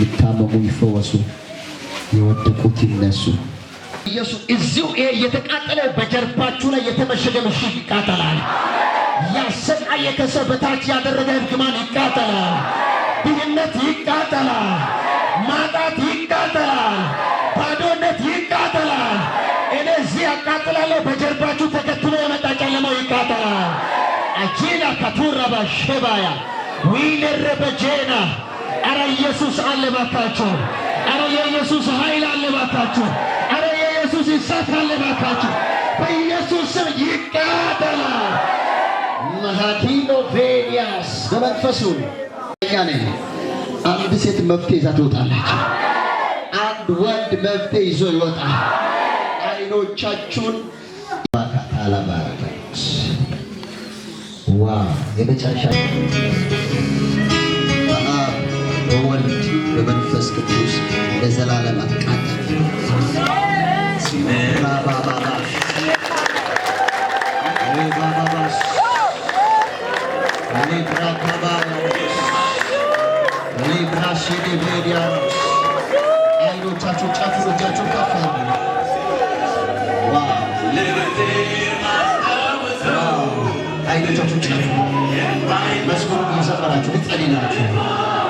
የታመሙ ይፈወሱ፣ የወደቁት ይነሱ። ኢየሱስ እዚሁ ይሄ የተቃጠለ በጀርባችሁ ላይ የተመሸገ ምሽግ ይቃጠላል። ያሰቃየ ከሰው በታች ያደረገ እርግማን ይቃጠላል። ድህነት ይቃጠላል። ማጣት ይቃጠላል። ባዶነት ይቃጠላል። እኔ እዚህ ያቃጥላለሁ። በጀርባችሁ ተከትሎ የመጣ ጨለማው ይቃጠላል። አጂላ ከቱረባ ሸባያ ዊለረበ ጄና አረ ኢየሱስ አለባታችሁ። አረ የኢየሱስ ኃይል አለባታችሁ። አረ የኢየሱስ እሳት አለባታችሁ። በኢየሱስ ስም ይቃጠላል። መሃቲኖ ቬኒያስ በመንፈሱ ያኔ አንድ ሴት መፍትሄ ይዛ ትወጣለች። አንድ ወንድ መፍትሄ ይዞ ይወጣል። አይኖቻችሁን ባካታላ ዋ የመጨረሻ መንፈስ ቅዱስ ለዘላለም አትቃጠል። አይኖቻችሁ ጨፍኑ፣ እጃችሁ ከፍ አይኖቻችሁ ጨፍኑ። መስኮሩን እየሰፈራችሁ ልትጸልይ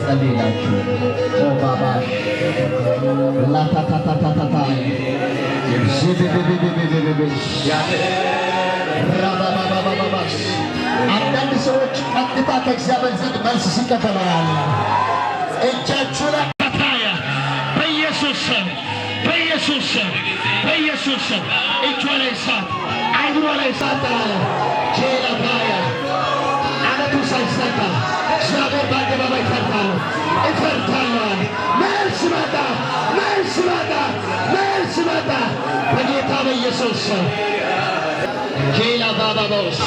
ልጸልይላችሁ። ባባሽ ላታታታታታ ራባባባባባሽ አንዳንድ ሰዎች ቀጥታ ከእግዚአብሔር ዘንድ መልስ ሲቀተለያለ እጃችሁ ላይ በኢየሱስ በኢየሱስ በኢየሱስ እጇ ላይ ሳት አይምሮ ላይ ሳት አለ ቼላ ታያ ሳይሰጣ እግዚአብሔር በአደባባይ እፈርታለሁ፣ እፈርታለሁ አለ። መብል ሲመጣ መብል ሲመጣ መብል ሲመጣ በጌታ በኢየሱስ ኬላ ባባባውስ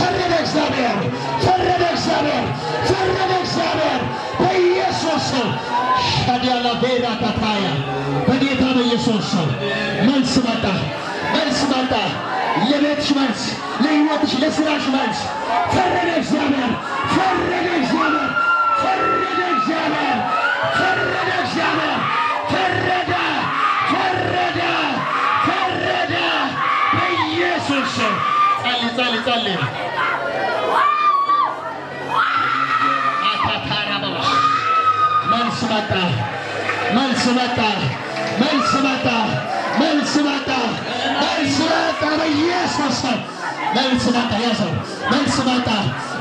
ፈረደ እግዚአብሔር፣ ፈረደ እግዚአብሔር፣ ፈረደ እግዚአብሔር በኢየሱስ ሻዲያላ ቤራ ታታያ በጌታ በኢየሱስ መልስ መጣ፣ መልስ መጣ፣ የቤትሽ መልስ ለጥፋትሽ፣ ለስራሽ መልስ ፈረደ እግዚአብሔር፣ ፈረደ እግዚአብሔር፣ ፈረደ እግዚአብሔር፣ ፈረደ እግዚአብሔር፣ ፈረደ፣ ፈረደ፣ ፈረደ በኢየሱስ ጸልይ፣ ጸልይ፣ ጸልይ መልስ መጣ፣ መልስ መጣ፣ መልስ መጣ፣ መልስ መጣ፣ መልስ መጣ በኢየሱስ መልስ መጣ። ያዘው መልስ መጣ።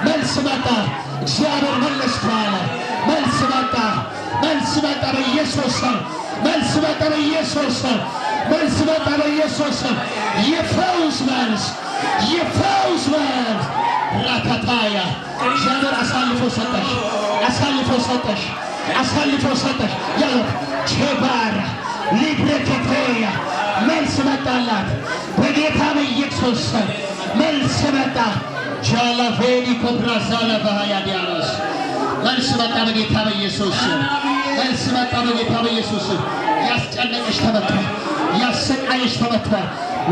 መልስ መጣ። እግዚአብሔር መለስ ተዋለ። መልስ መጣ። መልስ መጣ። በኢየሱስ መልስ መጣ። በኢየሱስ መልስ መጣ። በኢየሱስ የፈውስ መልስ፣ የፈውስ መልስ ራታታያ እግዚአብሔር አሳልፎ ሰጠሽ፣ አሳልፎ ሰጠሽ፣ አሳልፎ ሰጠሽ። ያለው ቼባር ሊብረከቴያ መልስ መጣላት በጌታ በኢየሱስ መልስ መጣ። ጃላፌኒ ኮፕራሳላ ባህያ ዲያኖስ መልስ መጣ። በጌታ በኢየሱስ መልስ መጣ። በጌታ በኢየሱስ ያስጨነቀሽ ተመቷል። ያሰቃየሽ ተመቷል።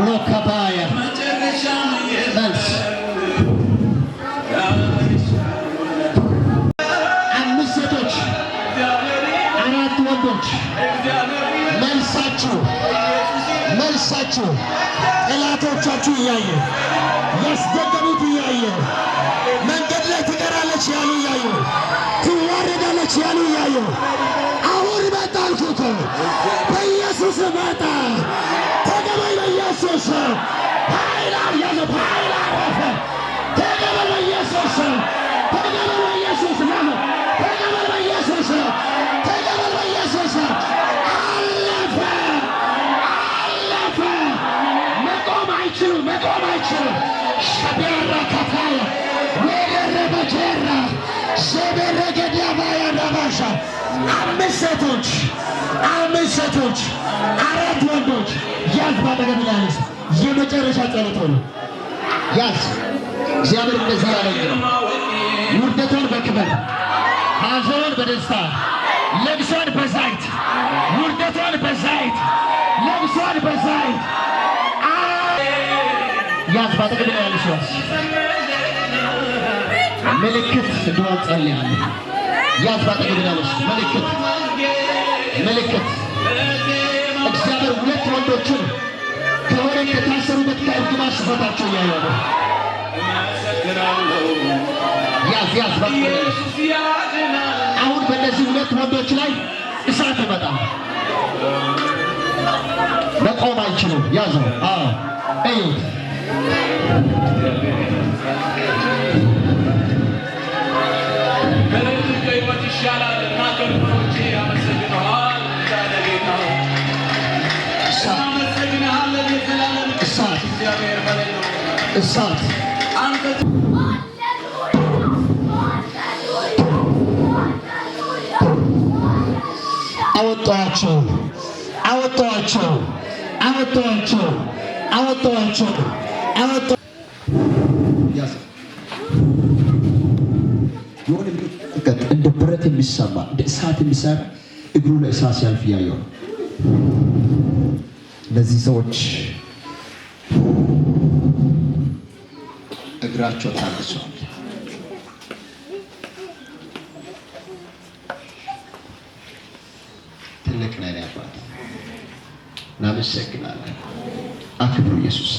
ሎካባያ መልስ ሴቶች አራት ወንዶች መልሳችሁ መልሳችሁ ጠላቶቻችሁ እያየ ያስደገሙት እያየ መንገድ ላይ ትቀራለች ያሉ እያየ ትዋረዳለች ያሉ እያየ አሁን መጣልኩት በኢየሱስ መጣ ተገበይ በኢየሱስ ኃይል አብ ኃይል አረፈ ተገበይ በኢየሱስ አምስት ሴቶች አምስት ሴቶች አራት ወንዶች ያዝ ባጠገብ ያለች የመጨረሻ ጸሎት ሆነ ያዝ እግዚአብሔር እንደዚህ ያለኝ ነው። ውርደቷን በክብር ሐዘኗን በደስታ ለቅሷን በዛይት ውርደቷን በዛይት ለቅሷን በዛይት ያዝ ባጠገብ ያለች ያዝ ምልክት እንደዋን ጸልያለሁ የአባት ምልክት ምልክት እግዚአብሔር ሁለት ወንዶችን ከሆነ ከታሰሩበት ከእርግማን ስፈታቸው እያየ ያዝ ያዝ አሁን በእነዚህ ሁለት ወንዶች ላይ እሳት ይመጣል። መቆም አይችሉም። ያዘው እዩት እሳት አንተ አወጣቸው አወጣቸው አወጣቸው አወጣቸው አወጣ የሆነ እንደ ብረት የሚሰማ እንደ እሳት የሚሰራ እግሩ ላይ እሳት ሲያልፍ ያየው እነዚህ ሰዎች እግራቸው ታግሷል። ትልቅ ነን ያባት እናመሰግናለን። አክብሩ ኢየሱስ